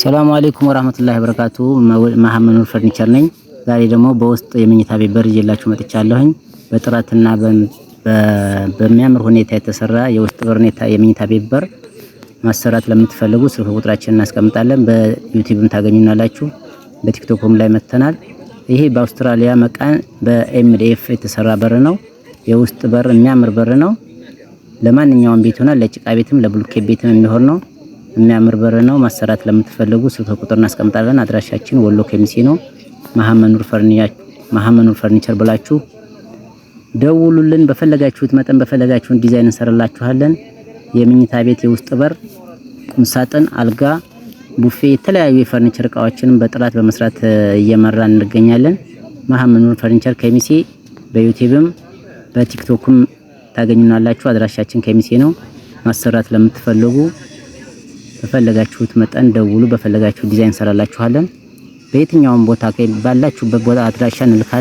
ሰላም አለይኩም ወራህመቱላሂ ወበረካቱ። መሐመድ ኑር ፈርኒቸር ነኝ። ዛሬ ደግሞ በውስጥ የመኝታ ቤት በር ይዤላችሁ መጥቻለሁኝ። በጥራትና በሚያምር ሁኔታ የተሰራ የውስጥ በር የመኝታ ቤት በር ማሰራት ለምትፈልጉ ስልክ ቁጥራችንን እናስቀምጣለን። በዩቲዩብም ታገኙናላችሁ። በቲክቶክም ላይ መጥተናል። ይሄ በአውስትራሊያ መቃን በኤምዲኤፍ የተሰራ በር ነው። የውስጥ በር የሚያምር በር ነው። ለማንኛውም ቤት ሆናል። ለጭቃ ቤትም ለብሎኬት ቤትም የሚሆን ነው። የሚያምር በር ነው። ማሰራት ለምትፈልጉ ስልክ ቁጥር እናስቀምጣለን። አድራሻችን ወሎ ከሚሴ ነው። መሀመኑር ፈርኒቸር ብላችሁ ደውሉልን። በፈለጋችሁት መጠን በፈለጋችሁን ዲዛይን እንሰራላችኋለን። የምኝታ ቤት የውስጥ በር፣ ቁምሳጥን፣ አልጋ፣ ቡፌ፣ የተለያዩ የፈርኒቸር እቃዎችንም በጥራት በመስራት እየመራን እንገኛለን። መሀመኑር ፈርኒቸር ከሚሴ በዩቲዩብም በቲክቶክም ታገኙናላችሁ። አድራሻችን ከሚሴ ነው። ማሰራት ለምትፈልጉ በፈለጋችሁት መጠን ደውሉ። በፈለጋችሁ ዲዛይን ሰራላችኋለን። በየትኛውም ቦታ ባላችሁበት ቦታ አድራሻ እንልካለን።